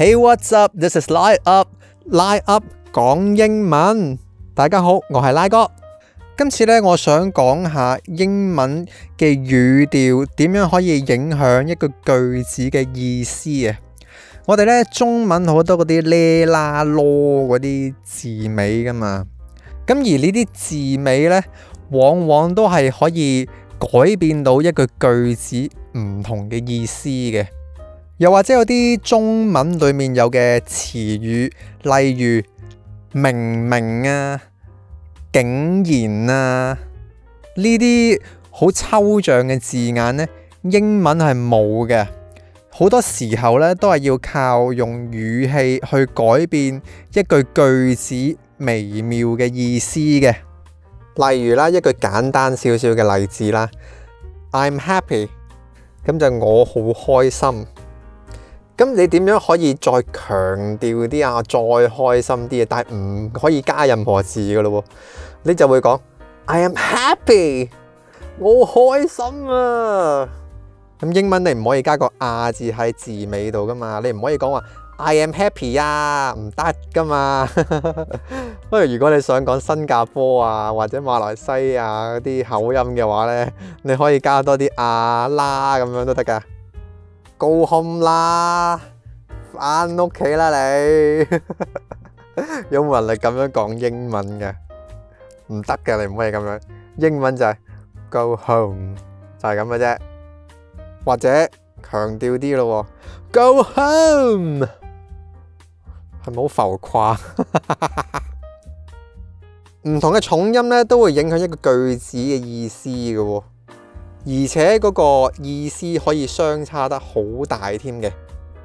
Hey, what's up? This is Lai UP. Lai UP 講英文。大家好，我係拉哥。今次呢，我想講下英文嘅語調點樣可以影響一個句子嘅意思啊！我哋呢，中文好多嗰啲咧、啦、囉嗰啲字尾噶嘛，咁而呢啲字尾呢，往往都係可以改變到一個句子唔同嘅意思嘅。又或者有啲中文裏面有嘅詞語，例如明明啊、竟然啊呢啲好抽象嘅字眼呢，英文係冇嘅。好多時候呢，都係要靠用語氣去改變一句句子微妙嘅意思嘅。例如啦，一句簡單少少嘅例子啦，I'm happy，咁就我好開心。咁你點樣可以再強調啲啊？再開心啲啊！但係唔可以加任何字噶咯喎，你就會講 I am happy，我好開心啊！咁英文你唔可以加個啊字喺字尾度噶嘛，你唔可以講話 I am happy 啊，唔得噶嘛。 不過如，如果你想講新加坡啊或者馬來西亞嗰啲口音嘅話咧，你可以加多啲啊啦咁樣都得噶。Go home 啦，翻屋企啦你。有冇人嚟咁樣講英文嘅？唔得嘅，你唔可以咁樣。英文就係 go home，就係咁嘅啫。或者強調啲咯，go home 係咪好浮誇。唔同嘅重音咧，都會影響一個句子嘅意思嘅。而且嗰個意思可以相差得好大添嘅，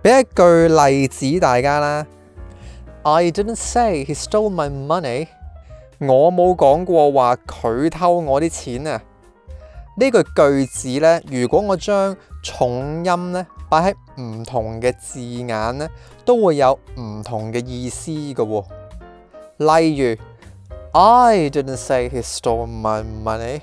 俾一句例子大家啦。I didn't say he stole my money。我冇講過話佢偷我啲錢啊。呢句句子咧，如果我將重音咧擺喺唔同嘅字眼咧，都會有唔同嘅意思㗎。例如，I didn't say he stole my money。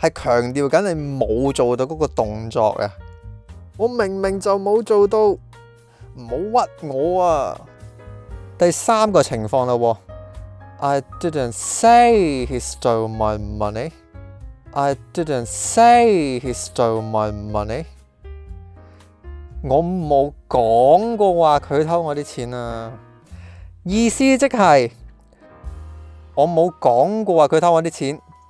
係強調緊你冇做到嗰個動作嘅，我明明就冇做到，唔好屈我啊！第三個情況啦，I didn't say he stole my money. I didn't say he stole my money。我冇講過話佢偷我啲錢啊，意思即係我冇講過話佢偷我啲錢。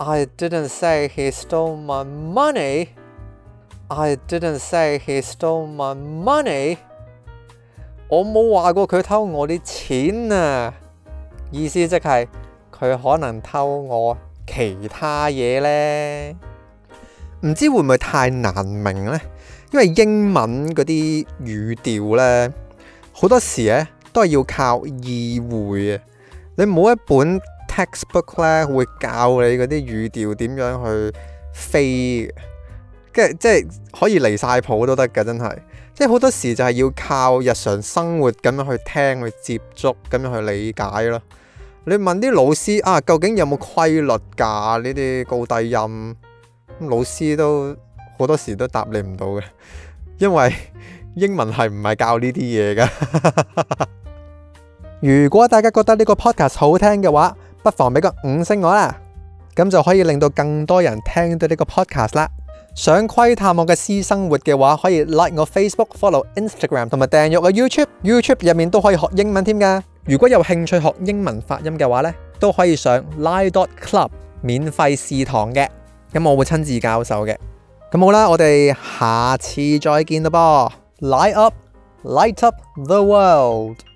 I didn't say he stole my money. I didn't say he stole my money. 我冇話過佢偷我啲錢啊，意思即係佢可能偷我其他嘢咧。唔知會唔會太難明呢？因為英文嗰啲語調呢，好多時咧都係要靠意會啊。你冇一本 textbook 咧會教你嗰啲語調點樣去飛，跟住即係可以離晒譜都得㗎，真係即係好多時就係要靠日常生活咁樣去聽、去接觸、咁樣去理解咯。你問啲老師啊，究竟有冇規律㗎？呢啲高低音老師都好多時都答你唔到嘅，因為英文係唔係教呢啲嘢㗎。 如果大家覺得呢個 podcast 好聽嘅話，不妨俾個五星我啦，咁就可以令到更多人聽到呢個 podcast 啦。想窺探我嘅私生活嘅話，可以 like 我 Facebook、follow Instagram 同埋訂閱我 YouTube。YouTube 入面都可以學英文添噶。如果有興趣學英文發音嘅話呢，都可以上 Lai Dot Club 免費試堂嘅，咁我會親自教授嘅。咁好啦，我哋下次再見啦噃。Light up，light up the world。